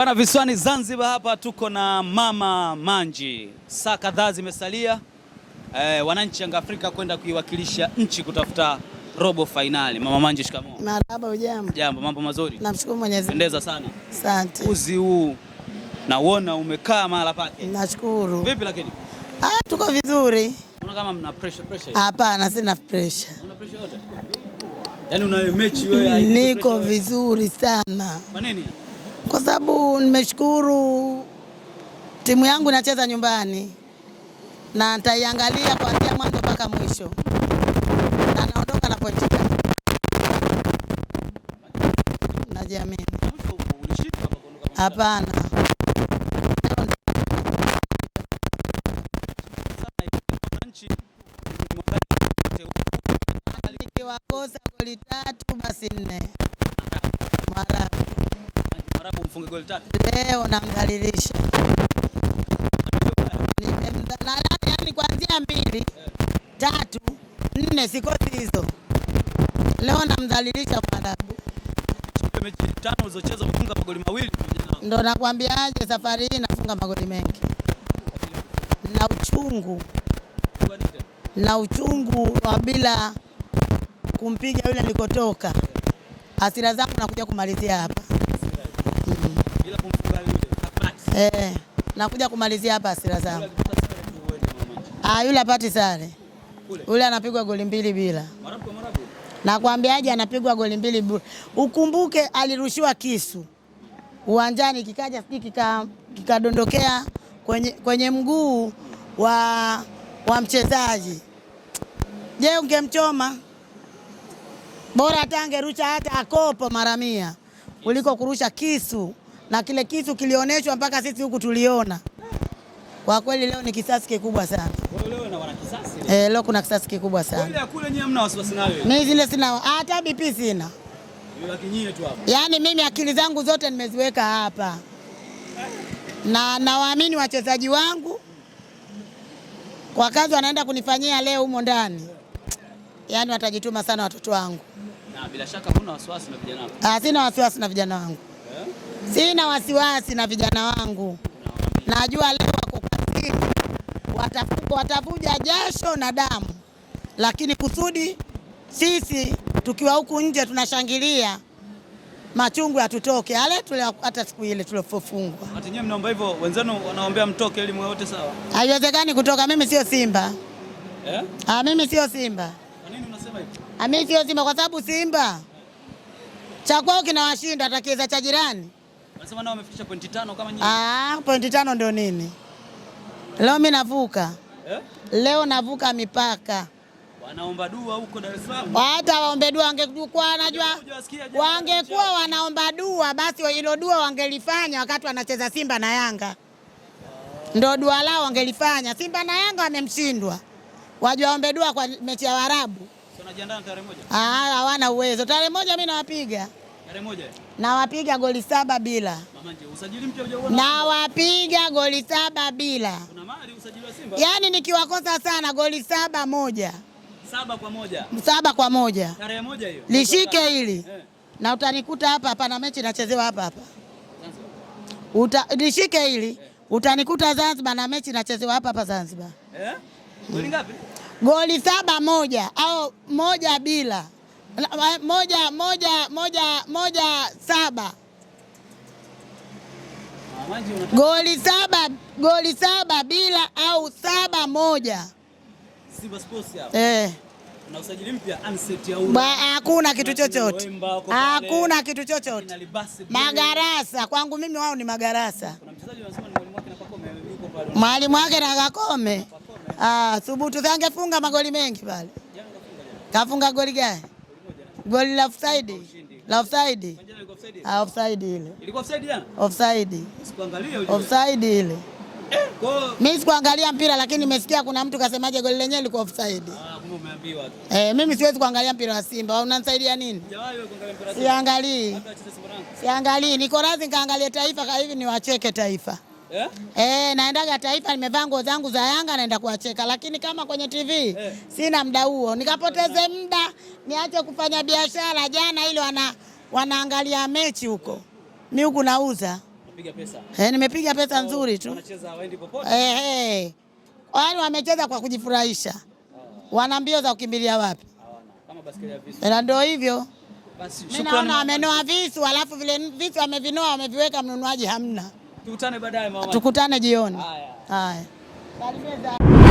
Bana visiwani Zanzibar hapa tuko na Mama Manji. Saa kadhaa zimesalia e, wananchi wa Afrika kwenda kuiwakilisha nchi kutafuta robo fainali. Mama Manji, shikamoo. Marhaba, ujambo? Jambo, mambo mazuri. Namshukuru Mwenyezi Mungu. Pendeza sana. Asante. Uzi huu nauona umekaa mahala pake. Nashukuru. Vipi lakini? Ah, tuko vizuri. Unaona kama mna pressure pressure? Hapana, sina pressure. Una pressure yote? Yaani una mechi wewe. Niko vizuri sana. Kwa nini? kwa sababu nimeshukuru timu yangu inacheza nyumbani na nitaiangalia kuanzia mwanzo mpaka mwisho, na naondoka na pointi tatu. Najiamini. Hapana, nikiwakosa goli tatu basi nne goli tatu. Leo namdhalilisha yaani kuanzia mbili tatu nne sikosi hizo. Leo namdhalilisha Mwarabu. Mechi tano ulizocheza ufunga magoli mawili. Ndo nakwambiaje, safari hii nafunga magoli mengi na uchungu na uchungu wa bila kumpiga yule alikotoka. Hasira zangu nakuja kumalizia hapa. Eh, nakuja kumalizia hapa hasira zangu. Ah, yule apati sare. Yule anapigwa goli mbili bila. Nakwambiaje, anapigwa goli mbili bila. Ukumbuke alirushiwa kisu uwanjani, kikaja sijui kikadondokea kika kwenye, kwenye mguu wa, wa mchezaji. Je, ungemchoma? Bora hata angerusha hata akopo mara mia kuliko kurusha kisu na kile kitu kilionyeshwa mpaka sisi huku tuliona. Kwa kweli leo ni kisasi kikubwa sana. E, leo kuna kisasi kikubwa sana. Mimi zile sina hata BP sina, yaani mimi akili zangu zote nimeziweka hapa na nawaamini wachezaji wangu kwa kazi wanaenda kunifanyia leo humo ndani, yaani watajituma sana watoto wangu. Na bila shaka huna wasiwasi na vijana wangu? Ah, sina wasiwasi na vijana wangu. Sina wasiwasi na vijana wangu, najua leo wako kazini, watavuja jasho na damu, lakini kusudi sisi tukiwa huku nje tunashangilia machungu ale tule, hata siku ile tulipofungwa. Ati mnaomba hivyo, wenzenu wanaombea mtoke ili mwote sawa. Haiwezekani kutoka, mimi sio Simba eh? Ah, mimi sio Simba. Kwa nini unasema hivyo? Ah, mimi sio Simba kwa sababu Simba cha kwao kinawashinda, atakieza cha jirani Wanasema nao wamefikisha pointi tano kama nyinyi. Ah, pointi tano ndio nini? Leo mimi navuka eh? Leo navuka mipaka. Wanaomba dua huko Dar es Salaam. Hata waombe dua wangekuwa wanajua wangekuwa wanaomba dua basi hilo dua wangelifanya wakati wanacheza Simba na Yanga. Ndio dua lao wangelifanya. Simba na Yanga wamemshindwa. wajua waombe dua kwa mechi ya Waarabu. Wanajiandaa tarehe moja. Ah, hawana uwezo. Tarehe moja mimi nawapiga nawapiga goli saba bila, nawapiga goli saba bila, yaani nikiwakosa sana goli saba moja, saba kwa moja, saba kwa moja. moja hiyo. Lishike eh. hili eh. Na utanikuta hapa hapa na mechi inachezewa hapa hapa Uta, lishike hili eh. Utanikuta Zanzibar na mechi inachezewa hapa hapa Zanzibar eh? Goli ngapi? Goli saba moja au moja bila Eh, moja, moja, moja, moja saba goli saba goli saba bila au saba moja eh. Hakuna kitu chochote, hakuna kitu chochote. Magarasa kwangu mimi, wao ni magarasa. Mwalimu wake na Kakome, ah, zangefunga magoli mengi pale. Kafunga goli gani? Goli la offside. La offside. Ah, offside ile. Ilikuwa offside ya? Offside. Sikuangalia ujue. Offside ile. Mimi eh, sikuangalia mpira lakini nimesikia kuna mtu kasemaje goli lenyewe liko offside. Ah, kumbe umeambiwa tu. Eh, mimi siwezi kuangalia mpira wa Simba. Unanisaidia nini? Jawai wewe kuangalia mpira wa Simba. Siangalii. Siangalii. Niko radhi nikaangalie Taifa hivi niwacheke Taifa yeah? E, eh, naendaga Taifa, nimevaa nguo zangu za Yanga, naenda kuwacheka, lakini kama kwenye TV yeah, sina mda huo nikapoteze mda niache kufanya biashara. Jana ile wana, wanaangalia mechi huko, mi huku nauza e, nimepiga pesa nzuri tu e, e. wamecheza kwa kujifurahisha, ah. wana mbio za kukimbilia wapi? Ela, ndio hivyo. Mimi naona wamenoa visu, alafu vile visu wamevinoa wameviweka, mnunuaji hamna. Tukutane baadaye mama. Tukutane jioni. Haya. Haya.